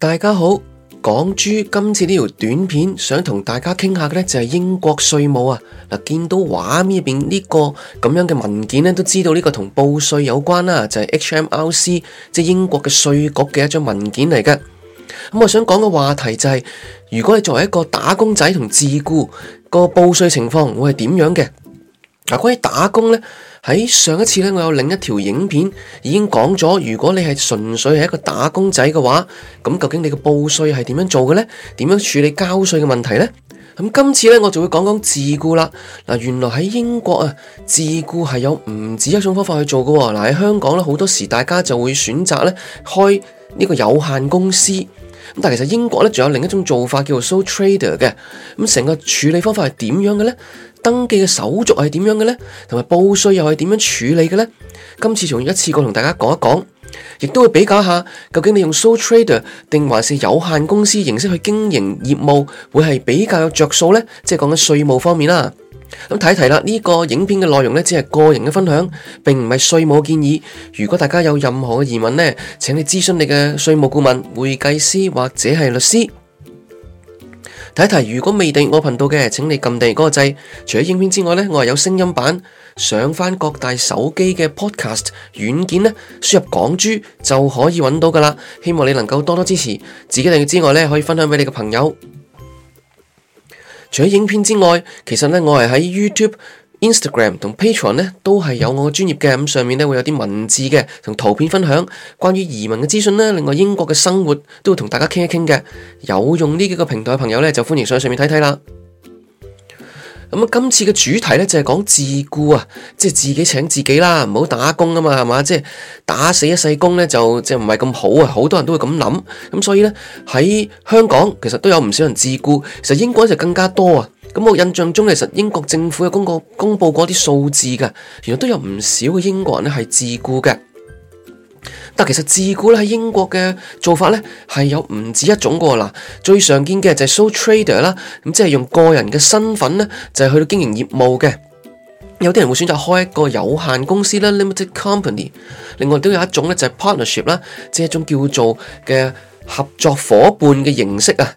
大家好，港珠今次呢條短片想同大家傾下嘅呢，就係英國稅務啊嗱，見到畫面入邊呢個咁樣嘅文件呢，都知道呢個同報稅有關啦，就係、是、HMRC，即係英國嘅稅局嘅一張文件嚟嘅。咁、嗯、我想講嘅話題就係、是，如果你作為一個打工仔同自雇個報稅情況會係點樣嘅嗱？關於打工呢。喺上一次咧，我有另一條影片已經講咗，如果你係純粹係一個打工仔嘅話，咁究竟你嘅報稅係點樣做嘅呢？點樣處理交稅嘅問題呢？咁今次呢，我就會講講自僱啦。嗱，原來喺英國啊，自僱係有唔止一種方法去做嘅。嗱，喺香港咧，好多時大家就會選擇咧開呢個有限公司。咁但其實英國咧，仲有另一種做法叫做 sole trader 嘅。咁成個處理方法係點樣嘅呢？登記嘅手續係點樣嘅呢？同埋報稅又係點樣處理嘅呢？今次從一次過同大家講一講，亦都會比較下，究竟你用 sole trader 定還是有限公司形式去經營業務，會係比較有著數呢？即係講緊稅務方面啦。咁睇一睇啦，呢個影片嘅內容呢，只係個人嘅分享，並唔係稅務建議。如果大家有任何嘅疑問呢，請你諮詢你嘅稅務顧問、會計師或者係律師。睇一睇，如果未訂閱我頻道嘅，請你撳訂閱嗰個掣。除咗影片之外咧，我係有聲音版，上翻各大手機嘅 Podcast 軟件咧，輸入港珠就可以揾到噶啦。希望你能夠多多支持，自己訂閱之外咧，可以分享俾你嘅朋友。除咗影片之外，其實咧我係喺 YouTube、Instagram 同 Patreon 呢，都係有我專業嘅，咁上面咧會有啲文字嘅同圖片分享，關於移民嘅資訊呢，另外英國嘅生活都會同大家傾一傾嘅，有用呢幾個平台嘅朋友呢就歡迎上去上面睇睇啦。咁、嗯、今次嘅主題呢就係講自僱啊，即係自己請自己啦，唔好打工啊嘛，係嘛？即係打死一世工呢就即係唔係咁好啊，好多人都會咁諗，咁所以呢，喺香港其實都有唔少人自僱，其實英國就更加多啊。咁我印象中，其實英國政府有公布過公佈過啲數字嘅，原來都有唔少嘅英國人咧係自僱嘅。但其實自僱咧喺英國嘅做法呢，係有唔止一種個嗱，最常見嘅就係 sole trader 啦，咁即係用個人嘅身份呢，就係去到經營業務嘅。有啲人會選擇開一個有限公司啦 （limited company），另外都有一種咧就係 partnership 啦，即係一種叫做嘅合作夥伴嘅形式啊。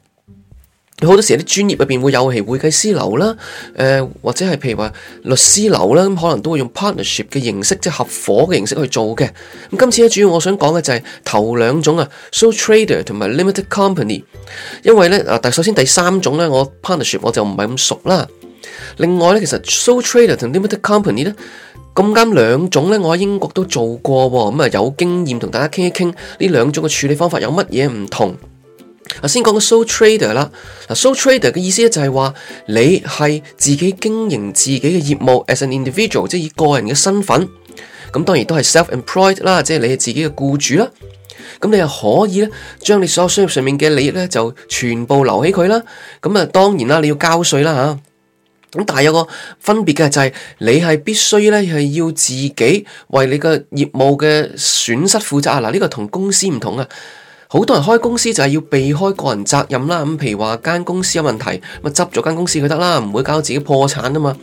好多時啲專業入邊會有係會計師樓啦，誒、呃、或者係譬如話律師樓啦，咁可能都會用 partnership 嘅形式，即係合夥嘅形式去做嘅。咁今次咧主要我想講嘅就係、是、頭兩種啊，sole trader 同埋 limited company，因為咧啊，但首先第三種咧，我 partnership 我就唔係咁熟啦。另外咧，其實 sole trader 同 limited company 咧，咁啱兩種咧，我喺英國都做過喎，咁、嗯、啊有經驗同大家傾一傾呢兩種嘅處理方法有乜嘢唔同。啊，先講個 sole trader 啦。嗱，sole trader 嘅意思咧就係話你係自己經營自己嘅業務，as an individual，即係以個人嘅身份。咁當然都係 self employed 啦，employ ed, 即係你係自己嘅僱主啦。咁你又可以咧，將你所有商業上面嘅利益咧，就全部留喺佢啦。咁啊，當然啦，你要交稅啦吓。咁但係有個分別嘅就係、是，你係必須咧係要自己為你嘅業務嘅損失負責啊。嗱，呢個同公司唔同啊。好多人開公司就係要避開個人責任啦，咁譬如話間公司有問題，咪執咗間公司佢得啦，唔會搞到自己破產啊嘛。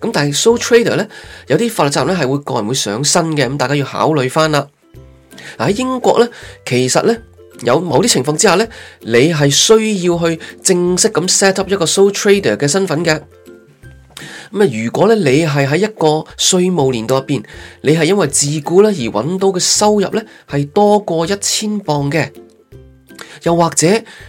咁但係 sole trader 呢，有啲法律責任呢係會個人會上身嘅，咁大家要考慮翻啦。喺英國呢，其實呢，有某啲情況之下呢，你係需要去正式咁 set up 一個 sole trader 嘅身份嘅。咁啊，如果呢，你係喺一個稅務年度入邊，你係因為自僱呢而揾到嘅收入呢，係多過一千磅嘅。又或者，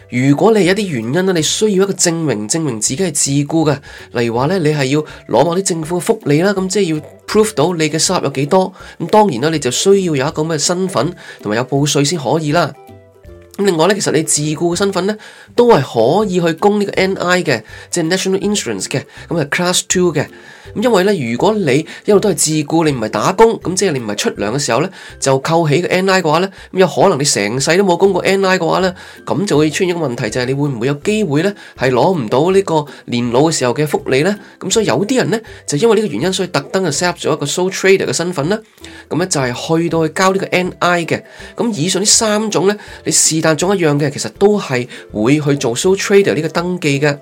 如果你有一啲原因啦，你需要一個證明，證明自己係自雇嘅，例如話咧，你係要攞某啲政府嘅福利啦，咁即係要 proof 到你嘅收入有幾多，咁當然啦，你就需要有一個咁嘅身份同埋有，有報稅先可以啦。咁另外咧，其實你自僱嘅身份咧，都係可以去供呢個 NI 嘅，即係 National Insurance 嘅，咁係 Class Two 嘅。咁因為咧，如果你一路都係自僱，你唔係打工，咁即係你唔係出糧嘅時候咧，就扣起個 NI 嘅話咧，咁有可能你成世都冇供過 NI 嘅話咧，咁就會出現一個問題，就係你會唔會有機會咧，係攞唔到呢個年老嘅時候嘅福利咧？咁所以有啲人咧就因為呢個原因，所以特登就 set up 咗一個 sole trader 嘅身份啦。咁咧就係去到去交呢個 NI 嘅。咁以上呢三種咧，你試。但仲一樣嘅，其實都係會去做 sole trader 呢個登記嘅，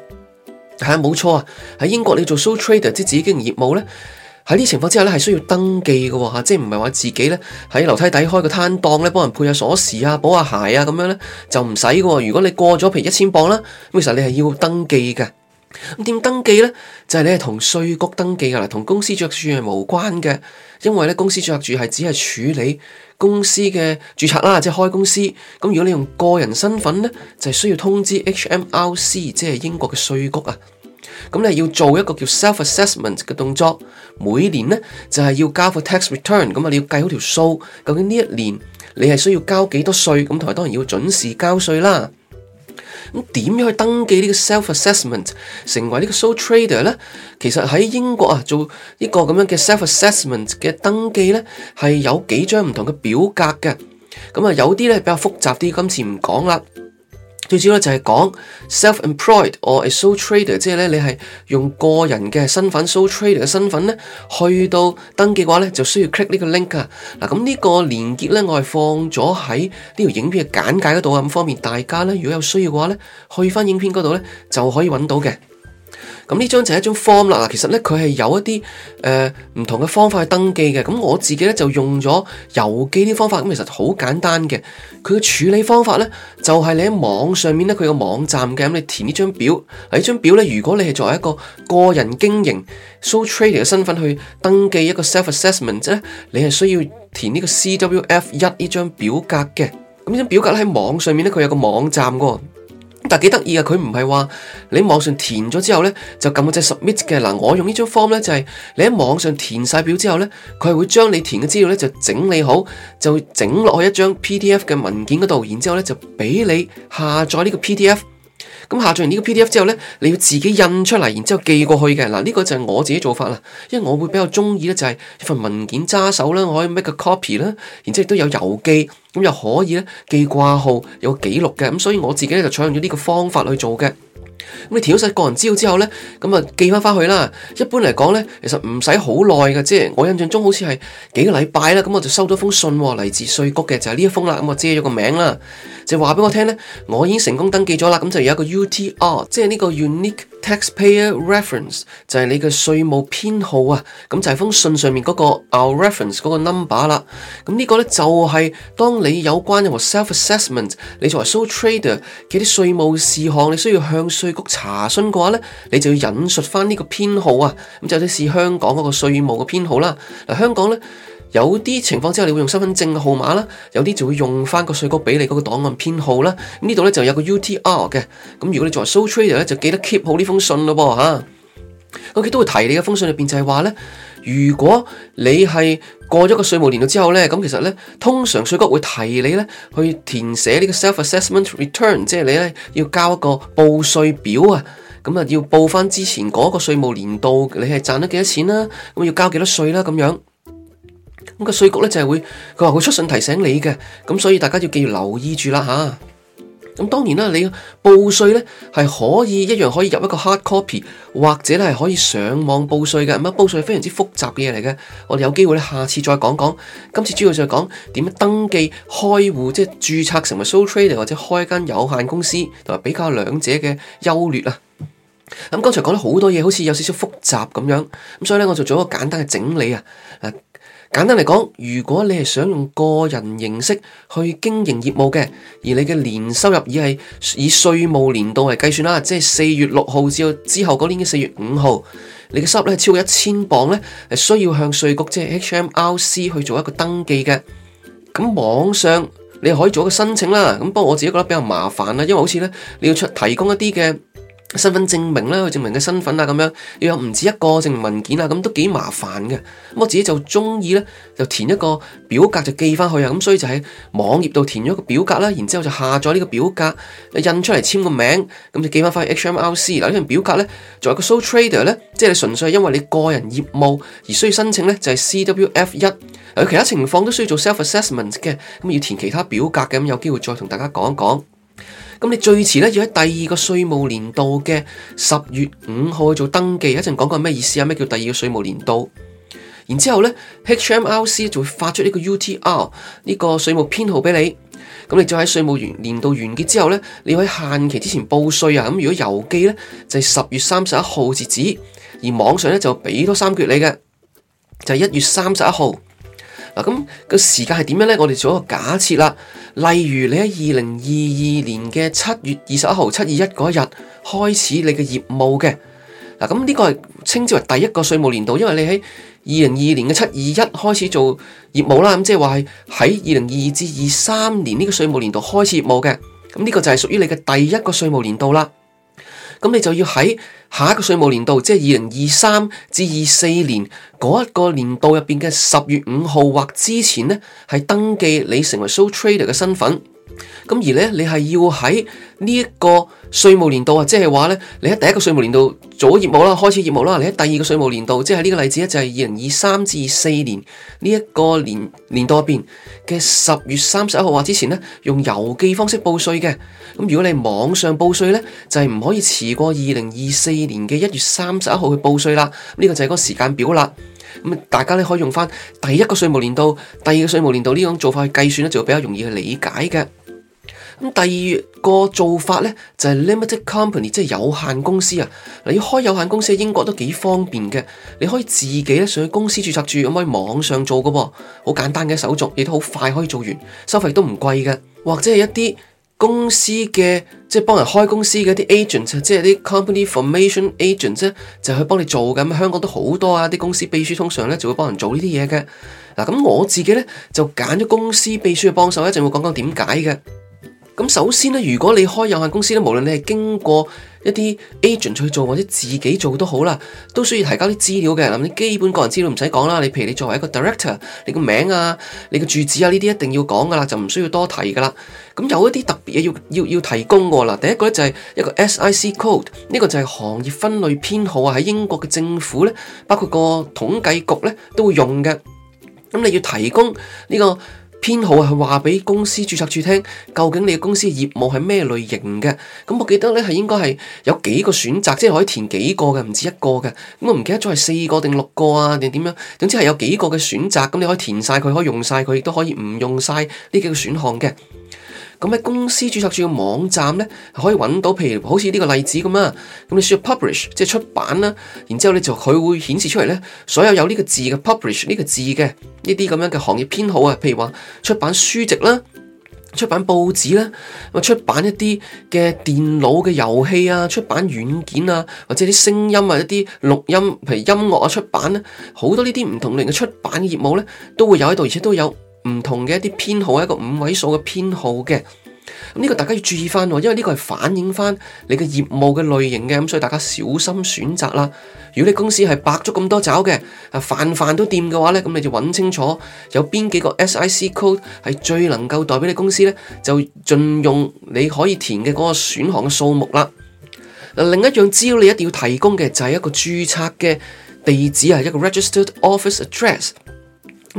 係冇錯啊！喺、啊、英國你做 sole trader 即自己經營業務咧，喺呢情況之下咧，係需要登記嘅、啊,即係唔係話自己咧喺樓梯底開個攤檔咧，幫人配下鎖匙啊、補下鞋啊咁樣咧就唔使嘅。如果你過咗譬如一千鎊啦，咁其實你係要登記嘅。咁點登記咧？就係、是、你係同稅局登記嘅啦、啊，同公司註冊處係無關嘅，因為咧公司註冊處係只係處理。公司嘅註冊啦，即係開公司。咁如果你用個人身份咧，就係需要通知 HMRC，即係英國嘅稅局啊。咁你要做一個叫 self assessment 嘅動作，每年咧就係要交份 tax return。咁啊，你要計好條數，究竟呢一年你係需要交幾多稅？咁同埋當然要準時交稅啦。咁點樣去登記呢個 self assessment 成為呢個 sole trader 呢？其實喺英國啊，做呢個咁樣嘅 self assessment 嘅登記呢，係有幾張唔同嘅表格嘅。咁有啲呢，比較複雜啲，今次唔講啦。最主要就係講 self-employed or a sole trader，即係你係用個人嘅身份 sole trader 嘅身份去到登記嘅話咧，就需要 click 呢個 link 啊。嗱，咁呢個連結咧，我係放咗喺呢條影片嘅簡介嗰度啊，方便大家咧，如果有需要嘅話呢，去翻影片嗰度咧就可以揾到嘅。咁呢張就係一張 form 啦，其實咧佢係有一啲誒唔同嘅方法去登記嘅。咁我自己咧就用咗郵寄啲方法，咁其實好簡單嘅。佢嘅處理方法咧就係、是、你喺網上面咧，佢個網站嘅咁你填呢張表。張表呢張表咧，如果你係作為一個個人經營 sole trader 嘅身份去登記一個 self assessment 咧，ass essment, 你係需要填呢個 CWF 一呢張表格嘅。咁呢張表格咧喺網上面咧，佢有個網站個。但係幾得意啊！佢唔係話你網上填咗之後呢，就撳嗰隻 submit 嘅。嗱，我用呢張 form 呢，就係、是、你喺網上填晒表之後呢，佢係會將你填嘅資料呢，就整理好，就整落去一張 PDF 嘅文件嗰度，然之後呢就俾你下載呢個 PDF。咁、嗯、下載完呢個 PDF 之後呢，你要自己印出嚟，然之後寄過去嘅。嗱，呢、這個就係我自己做法啦，因為我會比較中意呢，就係一份文件揸手啦，我可以 make 個 copy 啦，然之後亦都有郵寄。咁又可以咧，寄掛號有記錄嘅，咁所以我自己咧就採用咗呢個方法去做嘅。咁你填好晒個人資料之後咧，咁啊寄翻翻去啦。一般嚟講咧，其實唔使好耐嘅，即係我印象中好似係幾個禮拜啦。咁我就收咗封信嚟自稅局嘅，就係、是、呢一封啦。咁我知咗個名啦，就話俾我聽咧，我已經成功登記咗啦。咁就有一個 U T r 即係呢個 unique。Taxpayer reference 就係你嘅稅務編號啊，咁就係封信上面嗰個 our reference 嗰個 number 啦。咁呢個呢，就係當你有關任何 self assessment，你作為 sole trader 嘅啲稅務事項，你需要向稅局查詢嘅話呢，你就要引述翻呢個編號啊。咁就有啲似香港嗰個稅務嘅編號啦。嗱，香港呢。有啲情況之下，你會用身份證嘅號碼啦；有啲就會用翻個稅局俾你嗰個檔案編號啦。呢度咧就有個 UTR 嘅。咁如果你作為 sole trader 咧，就記得 keep 好呢封信咯噃嚇。咁佢都會提你嘅封信入邊就係話咧，如果你係過咗個稅務年度之後咧，咁其實咧通常稅局會提你咧去填寫呢個 self assessment return，即係你咧要交一個報稅表啊。咁啊要報翻之前嗰個稅務年度你係賺得幾多錢啦？咁要交幾多稅啦？咁樣。咁個稅局咧就係、是、會，佢話會出信提醒你嘅。咁所以大家要記住留意住啦吓。咁、啊、當然啦，你報稅咧係可以一樣可以入一個 hard copy，或者咧係可以上網報稅嘅。咁啊，報稅係非常之複雜嘅嘢嚟嘅。我哋有機會咧，下次再講講。今次主要就係講點樣登記開戶，即係註冊成為 sole trader 或者開一間有限公司，同埋比較兩者嘅優劣啊。咁剛才講咗好多嘢，好似有少少複雜咁樣，咁所以咧我就做一個簡單嘅整理啊。誒。簡單嚟講，如果你係想用個人形式去經營業務嘅，而你嘅年收入已係以稅務年度嚟計算啦，即係四月六號至到之後嗰年嘅四月五號，你嘅收入咧超過一千磅咧，係需要向稅局即係、就是、HMRC 去做一個登記嘅。咁網上你可以做一個申請啦。咁不過我自己覺得比較麻煩啦，因為好似咧你要出提供一啲嘅。身份證明啦，去證明嘅身份啊，咁樣要有唔止一個證明文件啊，咁都幾麻煩嘅。咁我自己就中意呢，就填一個表格就寄翻去啊。咁所以就喺網頁度填咗個表格啦，然之後就下載呢個表格，印出嚟簽個名，咁就寄翻翻去 HMRC。嗱，呢份表格呢，仲有個 sole trader 呢，即係純粹係因為你個人業務而需要申請呢，就係、是、C W F 一。有其他情況都需要做 self assessment 嘅，咁要填其他表格嘅，咁有機會再同大家講一講。咁你最遲咧要喺第二個稅務年度嘅十月五號去做登記，一陣講講咩意思啊？咩叫第二個稅務年度？然之後咧，H M R C 就會發出呢個 U T R 呢個稅務編號俾你。咁你就喺稅務年年度完結之後咧，你可以限期之前報稅啊。咁、嗯、如果郵寄咧就係、是、十月三十一號截止，而網上咧就俾多三個月你嘅，就係、是、一月三十一號。嗱，咁個時間係點樣呢？我哋做一個假設啦，例如你喺二零二二年嘅七月二十一號，七二一嗰日開始你嘅業務嘅。嗱，咁呢個係稱之為第一個稅務年度，因為你喺二零二二年嘅七二一開始做業務啦，咁即係話係喺二零二二至二三年呢個稅務年度開始業務嘅。咁呢個就係屬於你嘅第一個稅務年度啦。咁你就要喺下一個稅務年度，即係二零二三至二四年嗰一個年度入邊嘅十月五號或之前呢，係登記你成為 sole trader 嘅身份。咁而呢，你係要喺呢一個稅務年度啊，即係話呢，你喺第一個稅務年度做咗業務啦，開始業務啦，你喺第二個稅務年度，即係呢個例子咧，就係二零二三至四年呢一個年年度入邊嘅十月三十一號或之前呢，用郵寄方式報稅嘅。咁如果你網上報稅呢，就係、是、唔可以遲過二零二四年嘅一月三十一號去報稅啦。呢、這個就係嗰個時間表啦。咁大家呢，可以用翻第一個稅務年度、第二個稅務年度呢種做法去計算咧，就會比較容易去理解嘅。咁第二個做法呢，就係 limited company，即係有限公司啊！你要開有限公司喺英國都幾方便嘅，你可以自己呢，上去公司註冊處，咁可以網上做嘅喎，好簡單嘅手續，亦都好快可以做完，收費都唔貴嘅。或者係一啲公司嘅，即係幫人開公司嘅啲 agent，即係啲 company formation agent 啫，就去幫你做嘅。咁香港都好多啊，啲公司秘書通常呢就會幫人做呢啲嘢嘅。嗱，咁我自己呢，就揀咗公司秘書嘅幫手，一陣會講講點解嘅。咁首先咧，如果你開有限公司咧，無論你係經過一啲 agent 去做，或者自己做都好啦，都需要提交啲資料嘅。嗱，你基本個人資料唔使講啦，你譬如你作為一個 director，你個名啊、你個住址啊，呢啲一定要講噶啦，就唔需要多提噶啦。咁有一啲特別嘢，要要要提供噶啦。第一個咧就係一個 SIC code，呢個就係行業分類編號啊，喺英國嘅政府咧，包括個統計局咧都會用嘅。咁你要提供呢個。編號係話俾公司註冊處聽，究竟你嘅公司業務係咩類型嘅？咁我記得呢係應該係有幾個選擇，即係可以填幾個嘅，唔止一個嘅。咁我唔記得咗係四個定六個啊，定點樣？總之係有幾個嘅選擇，咁你可以填晒佢，可以用晒佢，亦都可以唔用晒呢幾個選項嘅。咁喺公司註冊處嘅網站呢，可以揾到譬 lish, 有有 lish, 這這，譬如好似呢個例子咁啊。咁你需要 publish，即係出版啦。然之後呢，就佢會顯示出嚟呢，所有有呢個字嘅 publish 呢個字嘅呢啲咁樣嘅行業編號啊，譬如話出版書籍啦、出版報紙啦、出版一啲嘅電腦嘅遊戲啊、出版軟件啊，或者啲聲音啊、一啲錄音，譬如音樂啊出版呢，好多呢啲唔同類型嘅出版業務呢，都會有喺度，而且都有。唔同嘅一啲編號，一個五位數嘅編號嘅，呢個大家要注意翻，因為呢個係反映翻你嘅業務嘅類型嘅，咁所以大家小心選擇啦。如果你公司係百足咁多爪嘅，啊凡凡都掂嘅話呢，咁你就揾清楚有邊幾個 SIC code 係最能夠代表你公司呢，就盡用你可以填嘅嗰個選項嘅數目啦。另一樣，資料你一定要提供嘅就係、是、一個註冊嘅地址啊，一個 registered office address。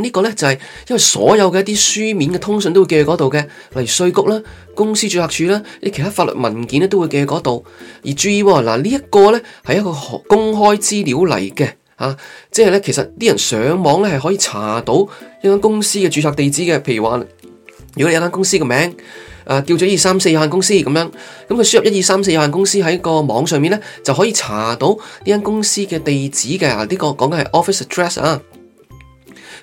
呢個呢，就係、是、因為所有嘅一啲書面嘅通訊都會寄去嗰度嘅，例如稅局啦、公司註冊處啦、啲其他法律文件咧都會寄去嗰度。而注意嗱，呢、這、一個呢，係一個公開資料嚟嘅，啊，即係呢，其實啲人上網呢，係可以查到一間公司嘅註冊地址嘅。譬如話，如果你有間公司嘅名，誒、啊、叫咗一二三四有限公司咁樣，咁佢輸入一二三四有限公司喺個網上面呢，就可以查到呢間公司嘅地址嘅。啊，呢個講緊係 office address 啊。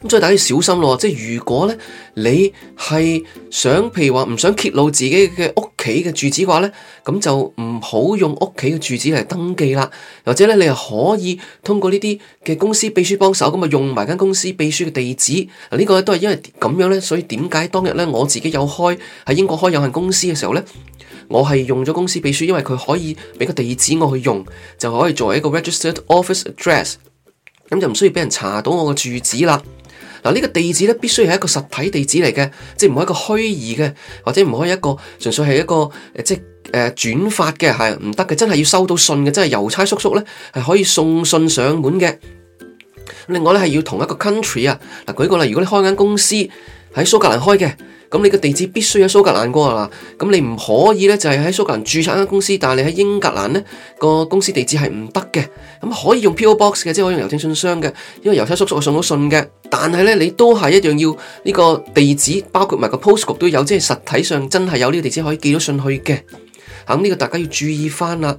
咁所以大家要小心咯。即係如果咧，你係想譬如話唔想揭露自己嘅屋企嘅住址嘅話咧，咁就唔好用屋企嘅住址嚟登記啦。或者咧，你係可以通過呢啲嘅公司秘書幫手，咁啊用埋間公司秘書嘅地址。呢、呢個都係因為咁樣咧，所以點解當日咧我自己有開喺英國開有限公司嘅時候咧，我係用咗公司秘書，因為佢可以俾個地址我去用，就可以作為一個 registered office address，咁就唔需要俾人查到我嘅住址啦。嗱，呢個地址咧必須係一個實體地址嚟嘅，即係唔可以一個虛擬嘅，或者唔可以一個純粹係一個誒即誒轉發嘅係唔得嘅，真係要收到信嘅，真係郵差叔叔咧係可以送信上門嘅。另外咧係要同一個 country 啊，嗱舉個例，如果你開間公司喺蘇格蘭開嘅。咁你個地址必須喺蘇格蘭噶啦，咁你唔可以呢，就係喺蘇格蘭註冊一間公司，但係你喺英格蘭呢個公司地址係唔得嘅。咁可以用 PO Box 嘅，即係可以用郵政信箱嘅，因為郵差叔叔我送到信嘅。但係呢，你都係一樣要呢、這個地址，包括埋個 postcode 都有，即係實體上真係有呢個地址可以寄到信去嘅。咁呢個大家要注意翻啦。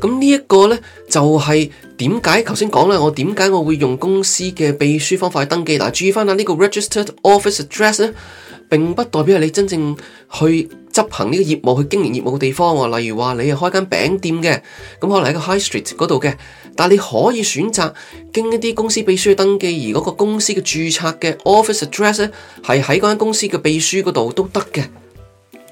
咁呢一個呢，就係點解頭先講啦？我點解我會用公司嘅秘書方法去登記？嗱、啊，注意翻啦，呢個 registered office address 呢，並不代表係你真正去執行呢個業務去經營業務嘅地方。例如話你係開間餅店嘅，咁可能喺個 high street 嗰度嘅，但你可以選擇經一啲公司秘書去登記，而嗰個公司嘅註冊嘅 office address 呢，係喺嗰間公司嘅秘書嗰度都得嘅。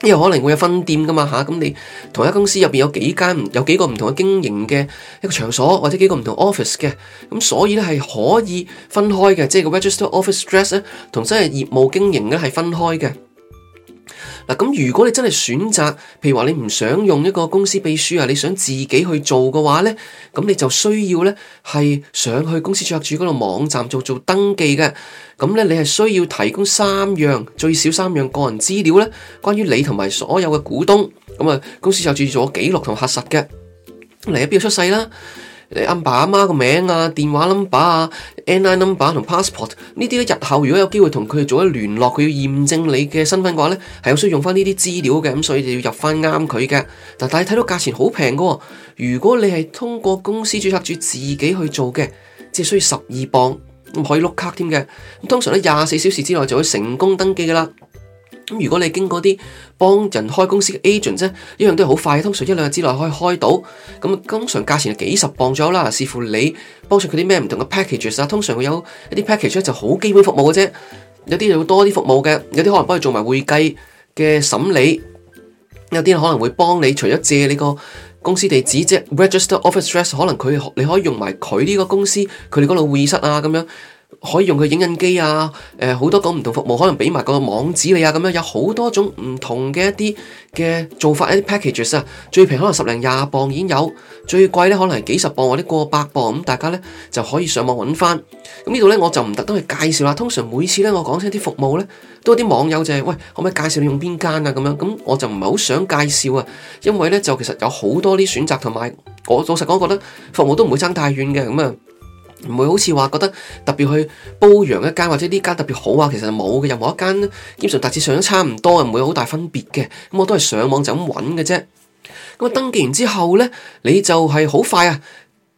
因為可能會有分店噶嘛吓，咁、啊、你同一公司入邊有幾間，有幾個唔同嘅經營嘅一個場所，或者幾個唔同 office 嘅，咁、啊、所以咧係可以分開嘅，即係個 registered office address 咧同真係業務經營咧係分開嘅。嗱，咁如果你真係選擇，譬如話你唔想用一個公司秘書啊，你想自己去做嘅話呢，咁你就需要呢係上去公司註冊處嗰個網站做做登記嘅。咁呢，你係需要提供三樣最少三樣個人資料呢，關於你同埋所有嘅股東。咁啊，公司註冊處做記錄同核實嘅。嚟啊，喺邊度出世啦？你阿、嗯、爸阿媽個名啊、電話 number 啊、NIN number 同 passport 呢啲咧，日後如果有機會同佢哋做一聯絡，佢要驗證你嘅身份嘅話咧，係有需要用翻呢啲資料嘅，咁所以就要入翻啱佢嘅。嗱，但係睇到價錢好平嘅喎，如果你係通過公司註冊處自己去做嘅，只需要十二磅，仲可以碌卡添嘅。咁通常咧廿四小時之內就會成功登記嘅啦。咁如果你經過啲幫人開公司嘅 agent 啫，一樣都係好快，通常一兩日之內可以開到。咁通常價錢係幾十磅左右啦，視乎你幫襯佢啲咩唔同嘅 packages 啊。通常會有一啲 package 咧就好基本服務嘅啫，有啲就會多啲服務嘅，有啲可能幫你做埋會計嘅審理，有啲可能會幫你除咗借你個公司地址啫，registered office address，可能佢你可以用埋佢呢個公司佢哋嗰度會議室啊咁樣。可以用佢影印機啊，誒、呃，好多個唔同服務，可能俾埋個網址你啊，咁樣有好多種唔同嘅一啲嘅做法，一啲 packages 啊，最平可能十零廿磅已經有，最貴咧可能係幾十磅或者過百磅，咁大家咧就可以上網揾翻。咁、嗯、呢度咧我就唔特登去介紹啦。通常每次咧我講出啲服務咧，都有啲網友就係喂，可唔可以介紹你用邊間啊咁樣？咁我就唔係好想介紹啊，因為咧就其實有好多啲選擇，同埋我老實講覺得服務都唔會爭太遠嘅咁啊。唔會好似話覺得特別去褒揚一間或者呢間特別好啊，其實冇嘅，任何一間基本上大致上都差唔多，唔會好大分別嘅。咁我都係上網就咁揾嘅啫。咁啊，登記完之後呢，你就係好快啊，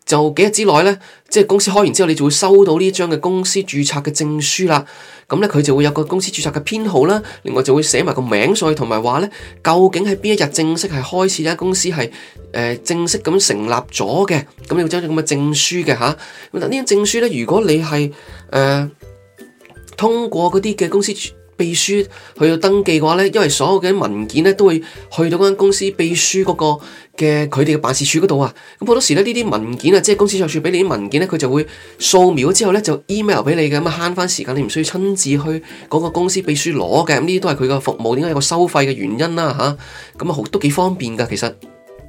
就幾日之內呢。即係公司開完之後，你就會收到呢張嘅公司註冊嘅證書啦。咁呢，佢就會有個公司註冊嘅編號啦，另外就會寫埋個名，所以同埋話呢，究竟係邊一日正式係開始呢間公司係誒、呃、正式咁成立咗嘅。咁有張咁嘅證書嘅吓，嗱呢張證書呢，如果你係誒、呃、通過嗰啲嘅公司。秘書去到登記嘅話呢，因為所有嘅文件呢都會去到嗰間公司秘書嗰個嘅佢哋嘅辦事處嗰度啊。咁好多時呢呢啲文件啊，即係公司辦事處俾你啲文件呢，佢就會掃描之後呢就 email 俾你嘅，咁啊慳翻時間，你唔需要親自去嗰個公司秘書攞嘅。咁呢啲都係佢個服務，點解有個收費嘅原因啦、啊？吓，咁啊好都幾方便噶，其實。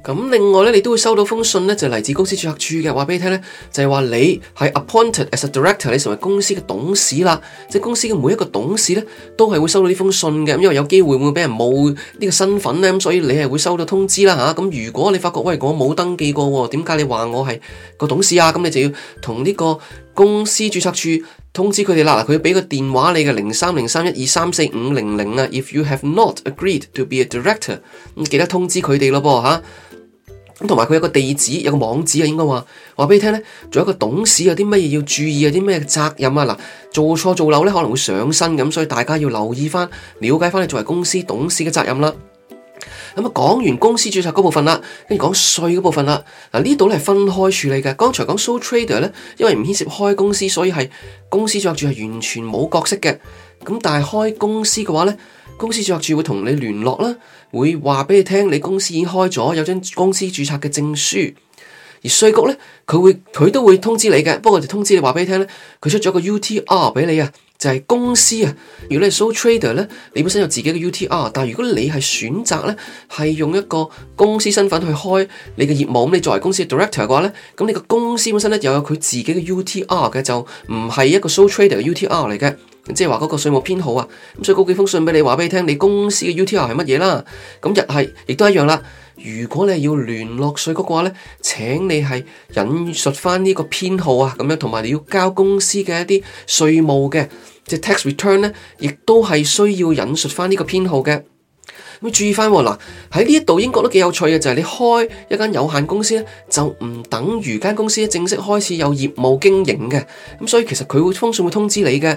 咁另外咧，你都會收到封信咧，就嚟自公司註冊處嘅，話俾你聽咧，就係、是、話你係 appointed as a director，你成為公司嘅董事啦。即係公司嘅每一個董事咧，都係會收到呢封信嘅，因為有機會會俾人冒呢個身份咧，咁所以你係會收到通知啦吓。咁、啊、如果你發覺喂，我冇登記過，點解你話我係個董事啊？咁你就要同呢個公司註冊處通知佢哋啦。嗱、啊，佢要俾個電話你嘅，零三零三一二三四五零零啊。500, If you have not agreed to be a director，咁記得通知佢哋咯噃吓。啊同埋佢有個地址，有個網址啊，應該話話俾你聽咧。仲有一個董事有啲乜嘢要注意，有啲咩責任啊？嗱，做錯做漏呢，可能會上身咁，所以大家要留意翻，了解翻你作為公司董事嘅責任啦。咁啊，講完公司註冊嗰部分啦，跟住講稅嗰部分啦。嗱，呢度咧係分開處理嘅。剛才講 sole trader 咧，因為唔牽涉開公司，所以係公司作業仲完全冇角色嘅。咁但係開公司嘅話呢。公司註冊處會同你聯絡啦，會話俾你聽，你公司已經開咗，有張公司註冊嘅證書。而稅局呢，佢會佢都會通知你嘅。不過就通知你話俾你聽呢，佢出咗個 UTR 俾你啊，就係公司啊。如果你係 sole trader 呢，你本身有自己嘅 UTR，但係如果你係選擇呢，係用一個公司身份去開你嘅業務，咁你作為公司 director 嘅話呢，咁你個公司本身呢，又有佢自己嘅 UTR 嘅，就唔係一個 sole trader 嘅 UTR 嚟嘅。即係話嗰個稅務編號啊，咁所以嗰幾封信俾你話俾你聽，你公司嘅 UTR 係乜嘢啦。咁日係亦都一樣啦。如果你係要聯絡稅局嘅話呢，請你係引述翻呢個編號啊，咁樣同埋你要交公司嘅一啲稅務嘅即係 tax return 呢，亦都係需要引述翻呢個編號嘅。咁注意翻嗱，喺呢一度，英國都幾有趣嘅，就係、是、你開一間有限公司咧，就唔等於間公司正式開始有業務經營嘅。咁所以其實佢會通信會通知你嘅。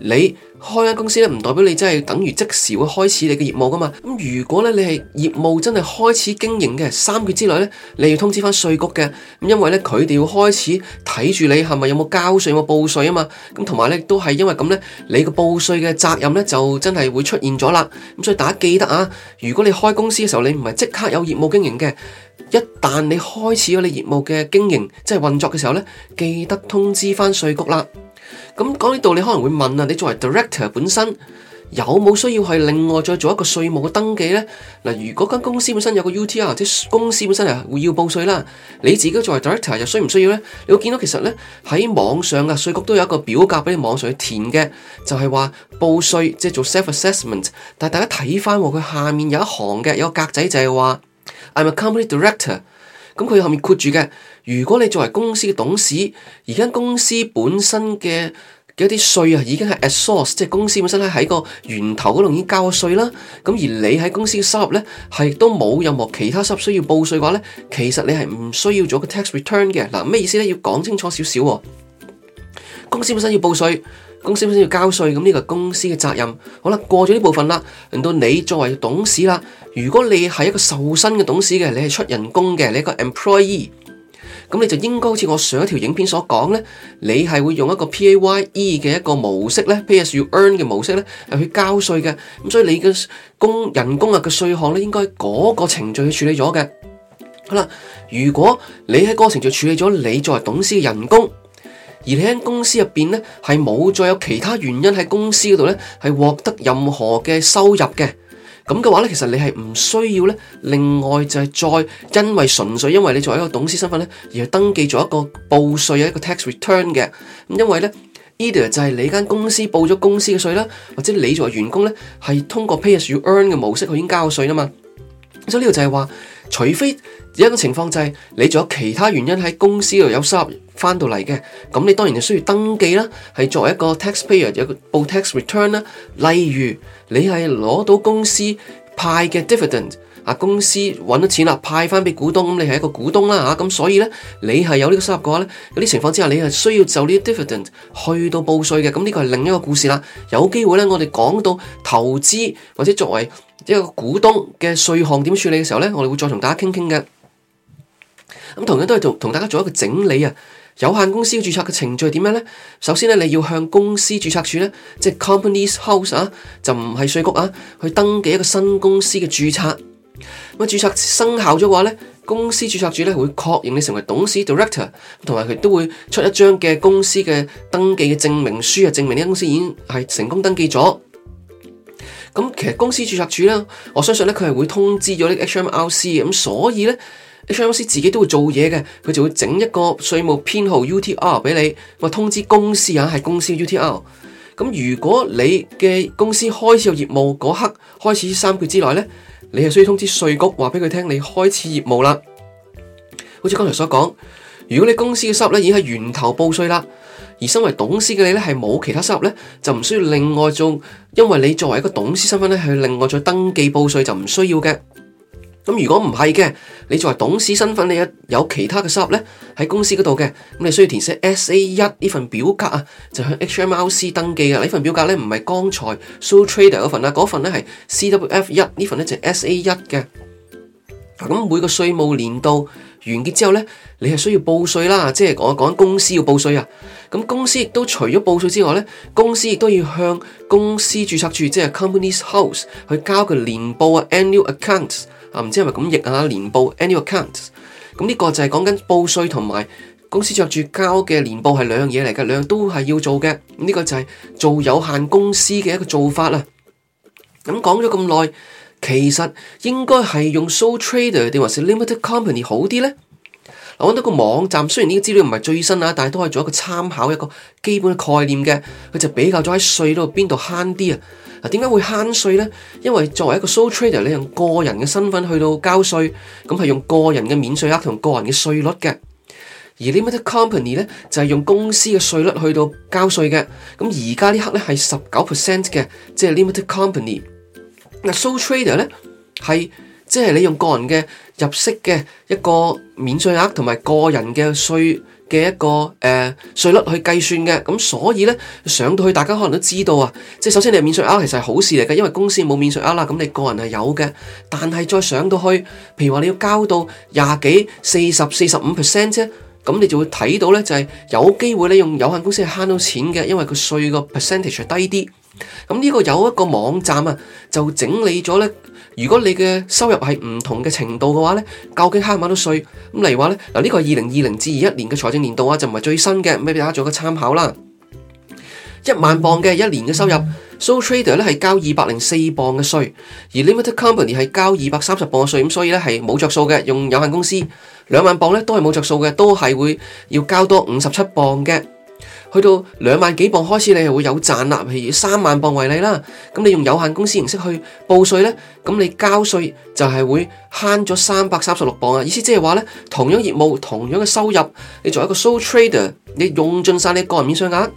你開間公司咧，唔代表你真係等於即時會開始你嘅業務噶嘛。咁如果咧你係業務真係開始經營嘅三月之內咧，你要通知翻稅局嘅。咁因為咧佢哋要開始睇住你係咪有冇交稅有冇報稅啊嘛。咁同埋咧都係因為咁咧，你個報稅嘅責任咧就真係會出現咗啦。咁所以大家記得啊！如果你開公司嘅時候，你唔係即刻有業務經營嘅，一旦你開始咗你業務嘅經營，即係運作嘅時候呢，記得通知翻稅局啦。咁講呢度，你可能會問啊，你作為 director 本身。有冇需要係另外再做一個稅務嘅登記呢？嗱，如果間公司本身有個 UTR，即公司本身係會要報稅啦。你自己作為 director 又需唔需要呢？你會見到其實呢，喺網上㗎，稅局都有一個表格俾你網上去填嘅，就係話報稅即係做 self assessment。但係大家睇翻佢下面有一行嘅有個格仔就係話 I'm a company director。咁佢後面括住嘅，如果你作為公司嘅董事，而間公司本身嘅。有啲稅啊，稅已經係 at source，即係公司本身咧喺個源頭嗰度已經交咗稅啦。咁而你喺公司嘅收入呢，係都冇任何其他收入需要報稅嘅話呢，其實你係唔需要做個 tax return 嘅。嗱，咩意思呢？要講清楚少少。公司本身要報稅，公司本身要交稅，咁、這、呢個係公司嘅責任。好啦，過咗呢部分啦，輪到你作為董事啦，如果你係一個受薪嘅董事嘅，你係出人工嘅，你一個 employee。咁你就應該好似我上一條影片所講呢，你係會用一個 PAYE 嘅一個模式呢 Pay As You Earn 嘅模式咧，去交稅嘅。咁所以你嘅工人工啊嘅稅項呢，應該係嗰個程序去處理咗嘅。好啦，如果你喺個程序處理咗，你作為董事嘅人工，而你喺公司入邊呢，係冇再有其他原因喺公司嗰度呢，係獲得任何嘅收入嘅。咁嘅話咧，其實你係唔需要咧，另外就係再因為純粹因為你作為一個董事身份咧，而登記做一個報稅嘅一個 tax return 嘅。咁因為咧，either 就係你間公司報咗公司嘅稅啦，或者你作為員工咧，係通過 pay as you earn 嘅模式佢已經交稅啦嘛。所以呢度就係話，除非有一種情況就係你仲有其他原因喺公司度有收入，翻到嚟嘅，咁你當然就需要登記啦，係作為一個 taxpayer 有個報 tax return 啦。例如你係攞到公司派嘅 dividend 啊，公司揾到錢啦，派翻俾股東，你係一個股東啦，嚇、啊、咁所以呢，你係有呢個收入嘅話呢，有啲情況之下你係需要就呢啲 dividend 去到報稅嘅，咁呢個係另一個故事啦。有機會呢，我哋講到投資或者作為一個股東嘅稅項點處理嘅時候呢，我哋會再同大家傾傾嘅。咁、啊、同樣都係做同，同大家做一個整理啊。有限公司註冊嘅程序係點樣呢？首先咧，你要向公司註冊處咧，即係 Companies House 啊，就唔係稅局啊，去登記一個新公司嘅註冊。咁啊，註冊生效咗嘅話咧，公司註冊處咧會確認你成為董事 director，同埋佢都會出一張嘅公司嘅登記嘅證明書啊，證明呢間公司已經係成功登記咗。咁其實公司註冊處咧，我相信咧佢係會通知咗呢個 H M L C 嘅，咁所以咧。H 公司自己都會做嘢嘅，佢就會整一個稅務編號 UTR 俾你，話通知公司吓係公司 UTR。咁如果你嘅公司開始有業務嗰刻開始三個月之內呢，你係需要通知稅局話俾佢聽你開始業務啦。好似剛才所講，如果你公司嘅收入呢已經係源頭報稅啦，而身為董事嘅你呢係冇其他收入呢，就唔需要另外做，因為你作為一個董事身份呢，係另外再登記報稅就唔需要嘅。咁如果唔係嘅，你作為董事身份，你有其他嘅 job 咧喺公司嗰度嘅，咁你需要填寫 S A 一呢份表格啊，就向 H M L C 登記嘅。呢份表格咧唔係剛才 so trader 嗰份啊，嗰份咧係 C W F 一呢份咧就 S A 一嘅。咁每個稅務年度完結之後咧，你係需要報稅啦。即係我講公司要報稅啊。咁公司亦都除咗報稅之外咧，公司亦都要向公司註冊處，即係 c o m p a n y s House 去交佢年報啊，Annual Accounts。啊，唔知係咪咁譯啊？年報 annual accounts，咁呢個就係講緊報稅同埋公司着住交嘅年報係兩樣嘢嚟嘅，兩樣都係要做嘅。咁呢個就係做有限公司嘅一個做法啊。咁講咗咁耐，其實應該係用 sole trader 定還是 limited company 好啲呢？我揾到個網站，雖然呢個資料唔係最新啊，但係都可以做一個參考，一個基本嘅概念嘅。佢就比較咗喺稅度邊度慳啲啊。嗱，點解會慳稅呢？因為作為一個 sole trader，你用個人嘅身份去到交稅，咁係用個人嘅免稅額同個人嘅稅率嘅。而 limited company 呢，就係用公司嘅稅率去到交稅嘅。咁而家呢刻呢，係十九 percent 嘅，即係 limited company。嗱，sole trader 呢，係。即係你用個人嘅入息嘅一個免稅額同埋個人嘅稅嘅一個誒稅、呃、率去計算嘅，咁所以呢，上到去，大家可能都知道啊。即係首先你係免稅額，其實係好事嚟嘅，因為公司冇免稅額啦，咁你個人係有嘅。但係再上到去，譬如話你要交到廿幾、四十四十五 percent 啫，咁你就會睇到呢，就係、是、有機會你用有限公司係慳到錢嘅，因為個稅個 percentage 係低啲。咁呢個有一個網站啊，就整理咗呢。如果你嘅收入係唔同嘅程度嘅話呢，究竟慳唔慳到稅？咁嚟話呢，嗱呢個係二零二零至二一年嘅財政年度啊，就唔係最新嘅，咩俾大家做個參考啦。一萬磅嘅一年嘅收入，sole trader 呢係交二百零四磅嘅稅，而 limited company 係交二百三十磅嘅稅，咁所以呢，係冇着數嘅，用有限公司兩萬磅呢都係冇着數嘅，都係會要交多五十七磅嘅。去到兩萬幾磅開始，你係會有賺啦。譬如三萬磅為例啦，咁你用有限公司形式去報稅呢，咁你交稅就係會慳咗三百三十六磅啊。意思即係話呢，同樣業務，同樣嘅收入，你作為一個 sole trader，你用盡晒你個人免稅額，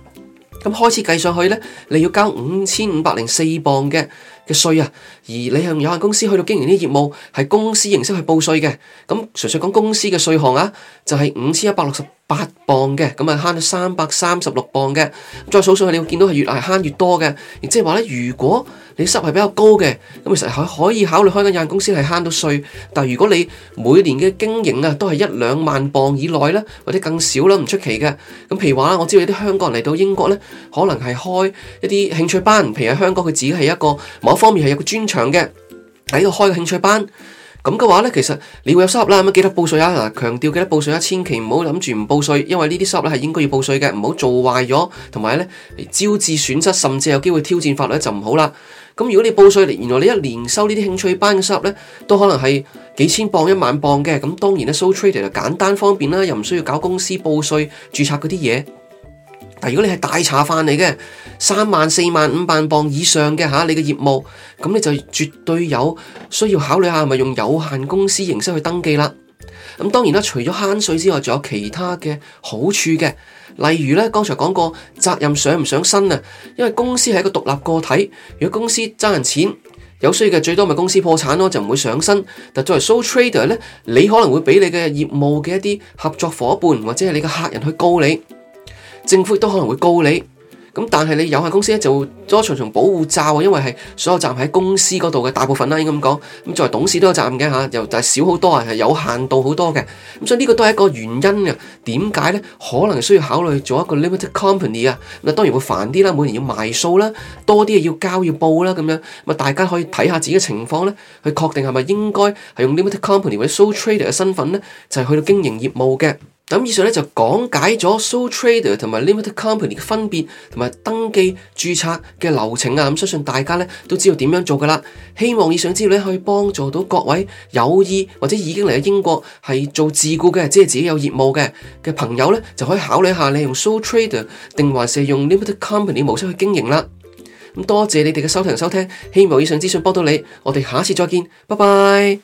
咁開始計上去呢，你要交五千五百零四磅嘅稅啊！而你向有限公司去到經營呢啲業務，係公司形式去報稅嘅。咁純粹講公司嘅稅項啊，就係五千一百六十八磅嘅，咁啊慳咗三百三十六磅嘅。再數數，你會見到係越係慳越多嘅。亦即係話咧，如果。你稅係比較高嘅，咁其實係可以考慮開間有限公司係慳到稅。但如果你每年嘅經營啊都係一兩萬磅以內啦，或者更少啦，唔出奇嘅。咁譬如話我知道有啲香港人嚟到英國呢，可能係開一啲興趣班。譬如喺香港佢只係一個某一方面係有個專長嘅，喺度開個興趣班。咁嘅話咧，其實你會有收入啦，咁記得報稅啊！強調記得報稅啊，千祈唔好諗住唔報稅，因為呢啲收入咧係應該要報稅嘅，唔好做壞咗，同埋咧招致損失，甚至有機會挑戰法律就唔好啦。咁、嗯、如果你報稅，原來你一年收呢啲興趣班嘅收入咧，都可能係幾千鎊一萬鎊嘅，咁當然咧，sole trader 就簡單方便啦，又唔需要搞公司報稅、註冊嗰啲嘢。但如果你係大茶飯嚟嘅，三萬、四萬、五萬磅以上嘅吓，你嘅業務，咁你就絕對有需要考慮下，係咪用有限公司形式去登記啦？咁當然啦，除咗慳稅之外，仲有其他嘅好處嘅，例如呢：剛才講過責任上唔上身啊？因為公司係一個獨立個體，如果公司爭人錢有需要嘅，最多咪公司破產咯，就唔會上身。但作為 sole trader 呢，你可能會俾你嘅業務嘅一啲合作夥伴或者係你嘅客人去告你。政府都可能會告你，咁但係你有限公司咧就多重重保護罩啊，因為係所有責任喺公司嗰度嘅大部分啦，應該咁講。咁作為董事都有責任嘅嚇，又但係少好多啊，係有限度好多嘅。咁所以呢個都係一個原因嘅。點解咧？可能需要考慮做一個 limited company 啊。咁當然會煩啲啦，每年要賣數啦，多啲嘢要交要報啦，咁樣咪大家可以睇下自己嘅情況咧，去確定係咪應該係用 limited company 或者 sole trader 嘅身份咧，就係、是、去到經營業務嘅。咁以上咧就講解咗 sole trader 同埋 limited company 嘅分別，同埋登記註冊嘅流程啊。咁、嗯、相信大家咧都知道點樣做噶啦。希望以上資料咧可以幫助到各位有意或者已經嚟咗英國係做自僱嘅，即係自己有業務嘅嘅朋友咧，就可以考慮下你用 sole trader 定還是用 limited company 模式去經營啦。咁、嗯、多謝你哋嘅收聽收聽，希望以上資訊幫到你。我哋下次再見，拜拜。